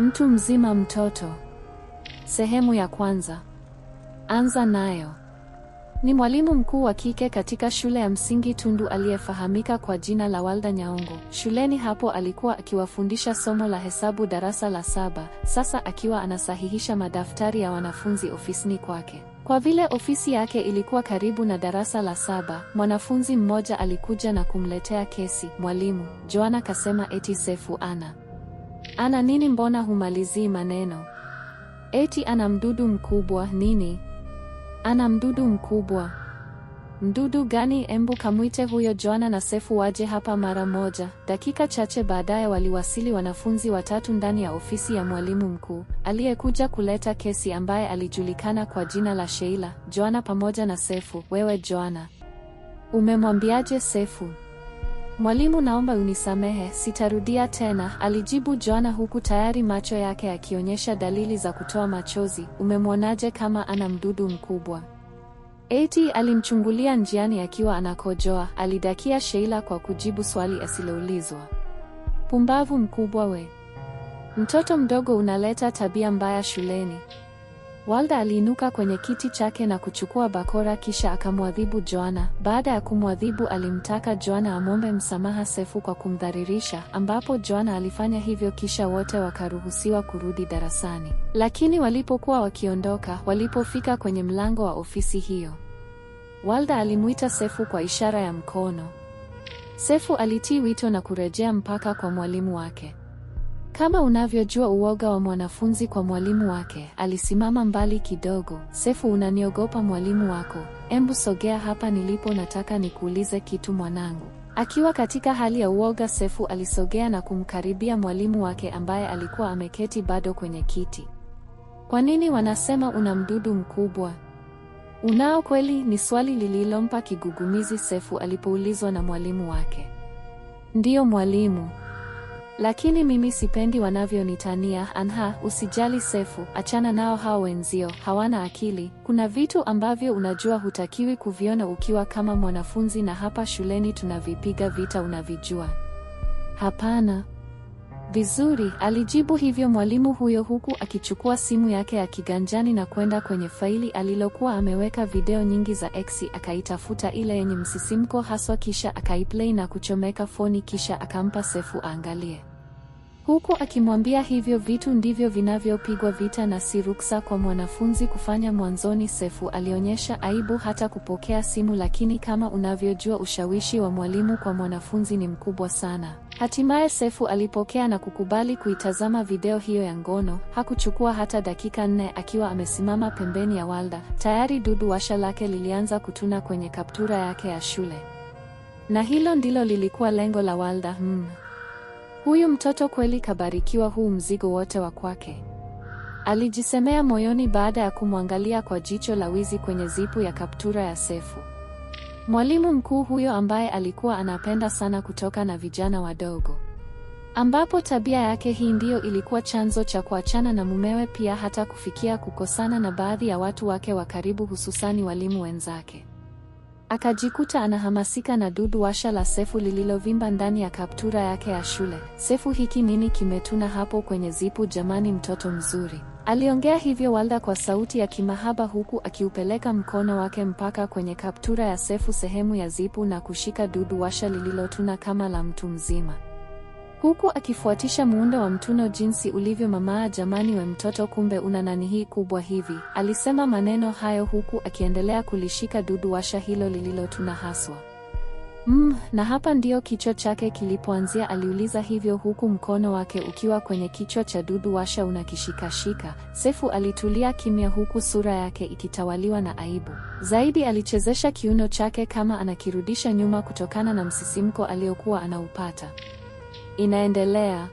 Mtu mzima mtoto. Sehemu ya kwanza. Anza nayo. Ni mwalimu mkuu wa kike katika shule ya msingi Tundu aliyefahamika kwa jina la Walda Nyaongo. Shuleni hapo alikuwa akiwafundisha somo la hesabu darasa la saba, sasa akiwa anasahihisha madaftari ya wanafunzi ofisini kwake. Kwa vile ofisi yake ilikuwa karibu na darasa la saba, mwanafunzi mmoja alikuja na kumletea kesi. Mwalimu, Joana kasema eti Sefu ana ana nini? Mbona humalizii maneno? Eti ana mdudu mkubwa nini? Ana mdudu mkubwa? Mdudu gani? Embu kamwite huyo Joana na Sefu waje hapa mara moja. Dakika chache baadaye waliwasili wanafunzi watatu ndani ya ofisi ya mwalimu mkuu aliyekuja kuleta kesi, ambaye alijulikana kwa jina la Sheila. Joana pamoja na Sefu. Wewe Joana, umemwambiaje Sefu? Mwalimu, naomba unisamehe, sitarudia tena, alijibu Joana huku tayari macho yake yakionyesha dalili za kutoa machozi. Umemwonaje kama ana mdudu mkubwa? Eti alimchungulia njiani akiwa anakojoa, alidakia Sheila kwa kujibu swali asiloulizwa. Pumbavu mkubwa we. Mtoto mdogo unaleta tabia mbaya shuleni. Walda aliinuka kwenye kiti chake na kuchukua bakora kisha akamwadhibu Joana. Baada ya kumwadhibu, alimtaka Joana amwombe msamaha Sefu kwa kumdharirisha ambapo Joana alifanya hivyo kisha wote wakaruhusiwa kurudi darasani. Lakini walipokuwa wakiondoka, walipofika kwenye mlango wa ofisi hiyo, Walda alimuita Sefu kwa ishara ya mkono. Sefu alitii wito na kurejea mpaka kwa mwalimu wake. Kama unavyojua uoga wa mwanafunzi kwa mwalimu wake. Alisimama mbali kidogo. Sefu, unaniogopa mwalimu wako? Embu sogea hapa nilipo, nataka nikuulize kitu mwanangu. Akiwa katika hali ya uoga, Sefu alisogea na kumkaribia mwalimu wake ambaye alikuwa ameketi bado kwenye kiti. Kwa nini wanasema una mdudu mkubwa? Unao kweli? Ni swali lililompa kigugumizi Sefu alipoulizwa na mwalimu wake. Ndiyo mwalimu. Lakini mimi sipendi wanavyonitania. Anha, usijali Sefu, achana nao hao wenzio, hawana akili. Kuna vitu ambavyo unajua hutakiwi kuviona ukiwa kama mwanafunzi, na hapa shuleni tunavipiga vita, unavijua. Hapana. Vizuri, alijibu hivyo mwalimu huyo huku akichukua simu yake ya kiganjani na kwenda kwenye faili alilokuwa ameweka video nyingi za X, akaitafuta ile yenye msisimko haswa, kisha akaiplay na kuchomeka foni, kisha akampa Sefu aangalie huku akimwambia hivyo vitu ndivyo vinavyopigwa vita na si ruksa kwa mwanafunzi kufanya. Mwanzoni Sefu alionyesha aibu hata kupokea simu, lakini kama unavyojua ushawishi wa mwalimu kwa mwanafunzi ni mkubwa sana. Hatimaye Sefu alipokea na kukubali kuitazama video hiyo ya ngono. Hakuchukua hata dakika nne akiwa amesimama pembeni ya Walda, tayari dudu washa lake lilianza kutuna kwenye kaptura yake ya shule, na hilo ndilo lilikuwa lengo la Walda. Hmm. Huyu mtoto kweli kabarikiwa huu mzigo wote wa kwake, alijisemea moyoni baada ya kumwangalia kwa jicho la wizi kwenye zipu ya kaptura ya Sefu. Mwalimu mkuu huyo ambaye alikuwa anapenda sana kutoka na vijana wadogo, ambapo tabia yake hii ndiyo ilikuwa chanzo cha kuachana na mumewe, pia hata kufikia kukosana na baadhi ya watu wake wa karibu, hususani walimu wenzake. Akajikuta anahamasika na dudu washa la sefu lililovimba ndani ya kaptura yake ya shule. Sefu hiki nini kimetuna hapo kwenye zipu jamani, mtoto mzuri. Aliongea hivyo Walda kwa sauti ya kimahaba huku akiupeleka mkono wake mpaka kwenye kaptura ya Sefu sehemu ya zipu na kushika dudu washa lililotuna kama la mtu mzima huku akifuatisha muundo wa mtuno jinsi ulivyo. Mamaa jamani, we mtoto, kumbe una nani hii kubwa hivi? Alisema maneno hayo huku akiendelea kulishika dudu washa hilo lililotuna haswa. Mm, na hapa ndio kichwa chake kilipoanzia, aliuliza hivyo huku mkono wake ukiwa kwenye kichwa cha dudu washa unakishikashika. Sefu alitulia kimya huku sura yake ikitawaliwa na aibu. Zaidi alichezesha kiuno chake kama anakirudisha nyuma kutokana na msisimko aliyokuwa anaupata inaendelea.